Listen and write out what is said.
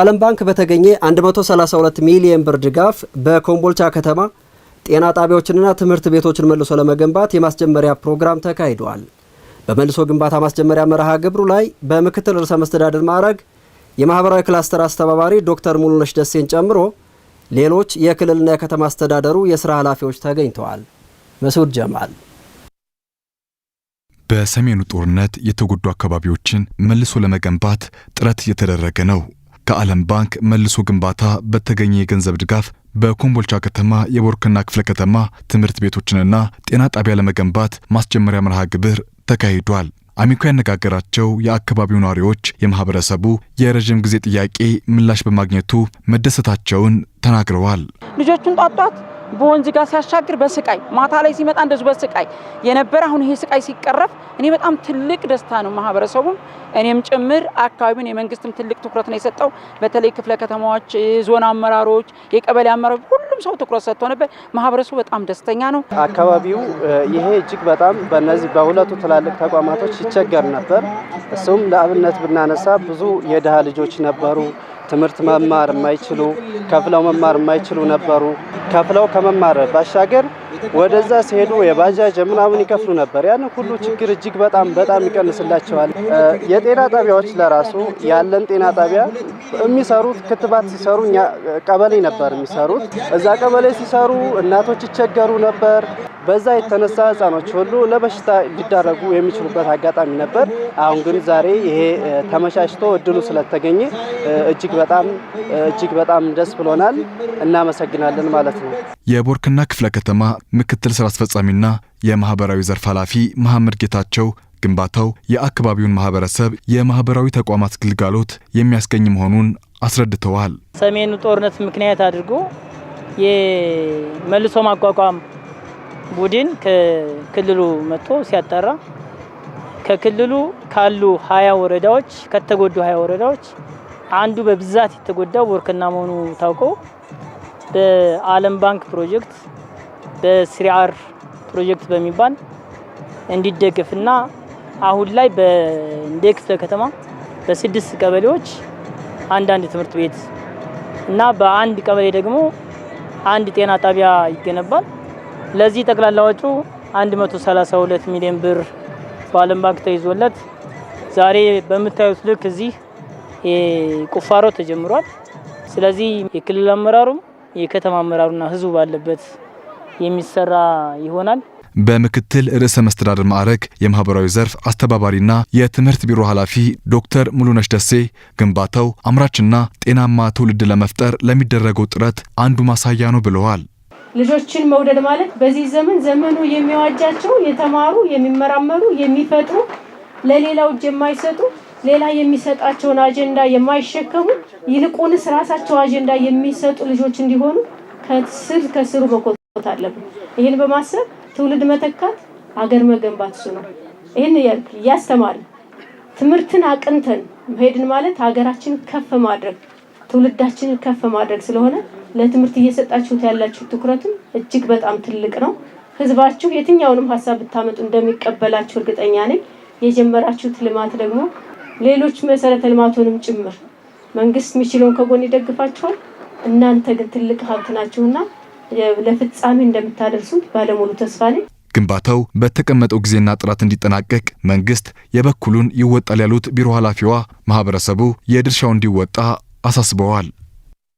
ዓለም ባንክ በተገኘ 132 ሚሊዮን ብር ድጋፍ በኮምቦልቻ ከተማ ጤና ጣቢያዎችንና ትምህርት ቤቶችን መልሶ ለመገንባት የማስጀመሪያ ፕሮግራም ተካሂዷል። በመልሶ ግንባታ ማስጀመሪያ መርሃ ግብሩ ላይ በምክትል ርዕሰ መስተዳድር ማዕረግ የማህበራዊ ክላስተር አስተባባሪ ዶክተር ሙሉነሽ ደሴን ጨምሮ ሌሎች የክልልና የከተማ አስተዳደሩ የስራ ኃላፊዎች ተገኝተዋል። መስዑድ ጀማል በሰሜኑ ጦርነት የተጎዱ አካባቢዎችን መልሶ ለመገንባት ጥረት እየተደረገ ነው። ከዓለም ባንክ መልሶ ግንባታ በተገኘ የገንዘብ ድጋፍ በኮምቦልቻ ከተማ የቦርክና ክፍለ ከተማ ትምህርት ቤቶችንና ጤና ጣቢያ ለመገንባት ማስጀመሪያ መርሃ ግብር ተካሂዷል። አሚኮ ያነጋገራቸው የአካባቢው ነዋሪዎች የማህበረሰቡ የረዥም ጊዜ ጥያቄ ምላሽ በማግኘቱ መደሰታቸውን ተናግረዋል። ልጆቹን ጧጧት በወንዝ ጋር ሲያሻግር በስቃይ ማታ ላይ ሲመጣ እንደዚሁ በስቃይ የነበረ አሁን ይሄ ስቃይ ሲቀረፍ እኔ በጣም ትልቅ ደስታ ነው። ማህበረሰቡም እኔም ጭምር አካባቢውን የመንግስትም ትልቅ ትኩረት ነው የሰጠው። በተለይ ክፍለ ከተማዎች፣ ዞን አመራሮች፣ የቀበሌ አመራሮች ሁሉም ሰው ትኩረት ሰጥቶ ነበር። ማህበረሰቡ በጣም ደስተኛ ነው። አካባቢው ይሄ እጅግ በጣም በነዚህ በሁለቱ ትላልቅ ተቋማቶች ይቸገር ነበር። እሱም ለአብነት ብናነሳ ብዙ የድሃ ልጆች ነበሩ። ትምህርት መማር የማይችሉ ከፍለው መማር የማይችሉ ነበሩ። ከፍለው ከመማር ባሻገር ወደዛ ሲሄዱ የባጃጅ ምናምን ይከፍሉ ነበር። ያንን ሁሉ ችግር እጅግ በጣም በጣም ይቀንስላቸዋል። የጤና ጣቢያዎች ለራሱ ያለን ጤና ጣቢያ የሚሰሩት ክትባት ሲሰሩ እኛ ቀበሌ ነበር የሚሰሩት። እዛ ቀበሌ ሲሰሩ እናቶች ይቸገሩ ነበር። በዛ የተነሳ ህጻኖች ሁሉ ለበሽታ ሊዳረጉ የሚችሉበት አጋጣሚ ነበር። አሁን ግን ዛሬ ይሄ ተመቻችቶ እድሉ ስለተገኘ እጅግ በጣም እጅግ በጣም ደስ ብሎናል። እናመሰግናለን ማለት ነው። የቦርክና ክፍለ ከተማ ምክትል ስራ አስፈጻሚና የማህበራዊ ዘርፍ ኃላፊ መሐመድ ጌታቸው ግንባታው የአካባቢውን ማህበረሰብ የማህበራዊ ተቋማት ግልጋሎት የሚያስገኝ መሆኑን አስረድተዋል። ሰሜኑ ጦርነት ምክንያት አድርጎ የመልሶ ማቋቋም ቡድን ከክልሉ መጥቶ ሲያጠራ ከክልሉ ካሉ ሀያ ወረዳዎች ከተጎዱ ሀያ ወረዳዎች አንዱ በብዛት የተጎዳው ቦርክና መሆኑ ታውቆ በዓለም ባንክ ፕሮጀክት በስሪአር ፕሮጀክት በሚባል እና አሁን ላይ እንደ ክፍለ ከተማ በስድስት ቀበሌዎች አንዳንድ ትምህርት ቤት እና በአንድ ቀበሌ ደግሞ አንድ ጤና ጣቢያ ይገነባል። ለዚህ ጠቅላላ ወጪው 132 ሚሊዮን ብር በዓለም ባንክ ተይዞለት ዛሬ በምታዩት ልክ እዚህ ቁፋሮ ተጀምሯል። ስለዚህ የክልል አመራሩም የከተማ አመራሩና ህዝቡ ባለበት የሚሰራ ይሆናል። በምክትል ርዕሰ መስተዳድር ማዕረግ የማህበራዊ ዘርፍ አስተባባሪና የትምህርት ቢሮ ኃላፊ ዶክተር ሙሉነሽ ደሴ ግንባታው አምራችና ጤናማ ትውልድ ለመፍጠር ለሚደረገው ጥረት አንዱ ማሳያ ነው ብለዋል። ልጆችን መውደድ ማለት በዚህ ዘመን ዘመኑ የሚዋጃቸው የተማሩ፣ የሚመራመሩ፣ የሚፈጥሩ፣ ለሌላው እጅ የማይሰጡ ሌላ የሚሰጣቸውን አጀንዳ የማይሸከሙ ይልቁንስ ራሳቸው አጀንዳ የሚሰጡ ልጆች እንዲሆኑ ከስር ከስሩ መኮትኮት አለብን። ይህን በማሰብ ትውልድ መተካት አገር መገንባት እሱ ነው። ይህን እያስተማር ትምህርትን አቅንተን መሄድን ማለት ሀገራችን ከፍ ማድረግ ትውልዳችንን ከፍ ማድረግ ስለሆነ ለትምህርት እየሰጣችሁት ያላችሁ ትኩረትም እጅግ በጣም ትልቅ ነው። ህዝባችሁ የትኛውንም ሀሳብ ብታመጡ እንደሚቀበላችሁ እርግጠኛ ነኝ። የጀመራችሁት ልማት ደግሞ ሌሎች መሰረተ ልማቱንም ጭምር መንግስት የሚችለውን ከጎን ይደግፋቸዋል። እናንተ ግን ትልቅ ሀብት ናችሁና ለፍጻሜ እንደምታደርሱ ባለሙሉ ተስፋ ነኝ። ግንባታው በተቀመጠው ጊዜና ጥራት እንዲጠናቀቅ መንግስት የበኩሉን ይወጣል ያሉት ቢሮ ኃላፊዋ ማህበረሰቡ የድርሻው እንዲወጣ አሳስበዋል።